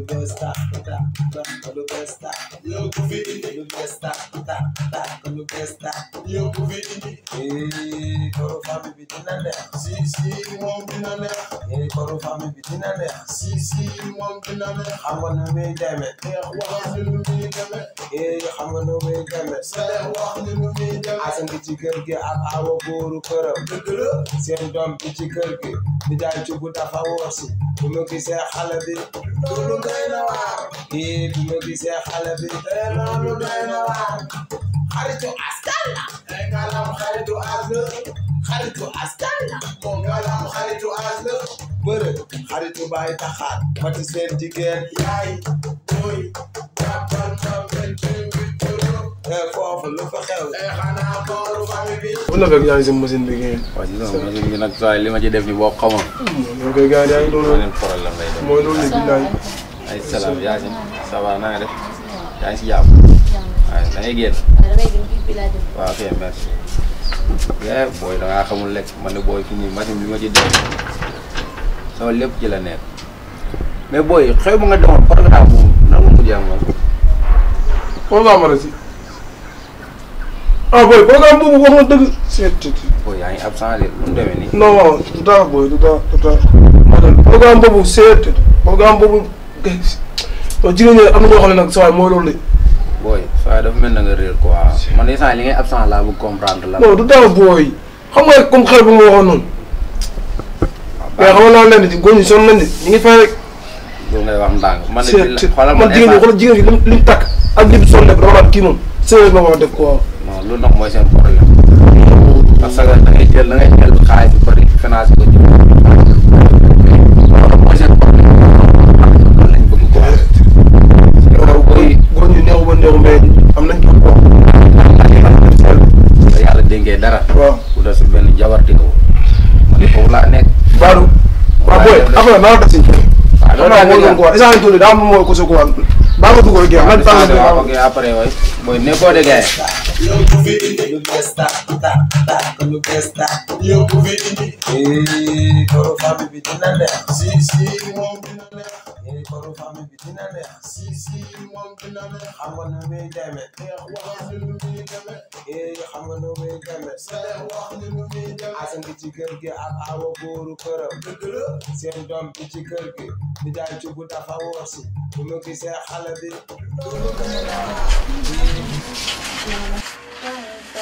lu bees tax lu tax lu bees tax. lu bees la yóbbu fi koro famille bi dina neex si si moom dina koro famille bi dina neex si si moom dina neex xam nga nu muy demee neex wax xam nga nu muy demee seex ci kër gi ak awa góoru këram dëgg seen doom ci kër gi di jaay dafa wóor si bu mu gisee xale bi loolu doy na waar eh bu mu gisee xale xaritu askan la. ngalam xaritu as la. xaritu askan la. moom ngalam xaritu as la. bërëb xaritu baay taxaar. mati seen jigéen. yaay booy. jàppal ma benn eh, foofu lu fa xew. Eh, xanaa kooru famille bi. mun na fekk yaa ngi si machine bi ngeen. waaw si sama machine bi nag saa li ma ci def ni boo xamoon. Hmm, ñoo koy gars yaa ngi loolu. problème lay def mooy loolu la. ay salaam yaa ngi ça va na nga def yaa ngi si jàpp. waaye da ngay génn. waaw ah, damay dem biir bi laa jëm. waaw ok merci. eh xamul lekk man ne booy fi nii machine bi ma ci dégg sama lépp ci la nekk mais booy xew ma nga demoon programme boobu nan nga mujjee ak moom. programme la si. ah booy programme boobu wax nga dëgg. seet booy yaa ngi absent de lu mu demee nii. non non du tax booy du tax du tax. programme boobu seet programme boobu. donc jigéen ñi am na ñoo xam ne nag saa waay mooy loolu de. waaw dafa mel na nga réer quoi man instant li ngay absent laa bëgg comprendre la. non du dara booy xam nga comme xel bu ma waxoon noonu. waaw ah, xam nga noonu la góor ñi sonn nañ de i ngi fay rek. loolu ngay wax ndànk la man jigéen ñi xoolal jigéen ñi li mu takk ak li mu sonn def dama naan kii moom séeréer ma ko def quoi. non loolu nag mooy seen problème parce que da ngay jël da ngay jël xaalis bi bëri financé ko ci. déggee dara. waaw ku des benn jabar di nga woo. man foofu laa nekk. Badou. waaw booy affaire bi naan la si. waaw ah, loolu laa bëgg a ko war échange tuuti daa am moo ko soog a war. baa ko dugg rek yow man. waaw après waay booy nekkoo de gars bees tàq tàq tàq lu bees tàq yow ku fi indi. eh koro famille bi dina neex. si si moom dina neex. eh koro famille bi dina neex. si si moom dina neex. xam nga nu muy demee. neex wax ni nu muy demee. eh xam nga nu muy demee. neex wax ni nu muy demee. Assane bi ci kër gi ak awa góoru këram. dëgg la seen doom bi ci kër gi. di jaay cubu dafa wóor si. bu ma gisee xale bi.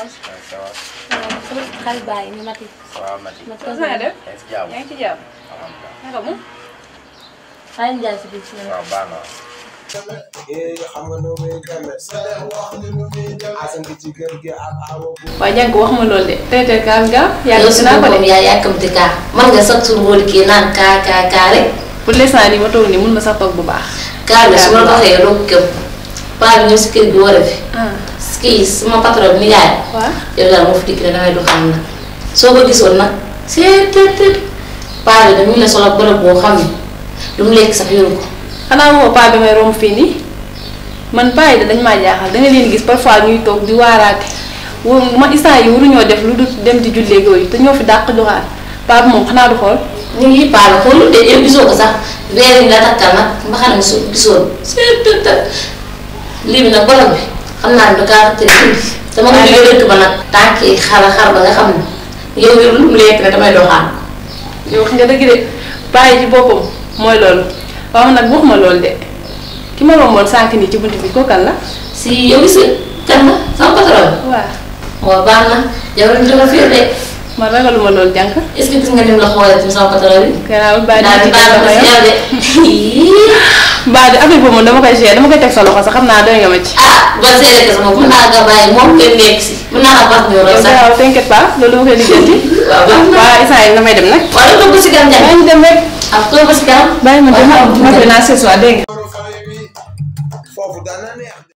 soos. waaw ça va. maanaam soos na nga def. wax ma loolu de tey tey kaas nga yàgg si naa ko de yaa yàkkamti kaa man nga sax suñu wóor kii naan kaa kaa kaa rek pour l'instant nii ma toog nii mun ma sax toog bu baax kaa nga su ma la waxee doo paa bi si kër gi war a fi ah. kii suma patron bi nijaay. waaw yow daal moo fi dikk ne dangay du xam nag soo ko gisoon nag seet seet paa bi dañu la solo bërëb xanaa woo paa bi man paa yi dañ maa jaaxal da leen gis parfois ñuy toog di waaraate ma instant yi waruñoo def lu dul dem di jullee yooyu te ñoo fi dàq joxaat paa bi moom xool. ñu ngi paa la xoolul de yow gisoo ko sax weer yi lii bi nag borom bi. xam naa ne Dakar te dama ko jógee dëkk ba nag tànk yi xar ba nga xam ne yow yow lu mu lekk rek damay doxaan. yow wax nga dëgg de bàyyi ci boppam mooy loolu waaw nag waxuma loolu de ki ma romboon sànq nii ci bunt bi kooku kan la. si yow gis nga kan la sama patron. waaw. waaw baax na yow lañ doon firnde. man ragaluma loolu jànk. est-ce que gis nga lim la xoolee ci sama patron bi. gannaaw boobu moom dama koy gérer dama koy teg sa loxo sax xam naa doy nga ma ci. ah ban see rek sama mën naa nga bàyyi moom ngeen nekk loolu ma koy lijjanti. waaw baax na waaw instant yii damay dem nag. wala toog dem rek. ah toog dem ma foofu dana neex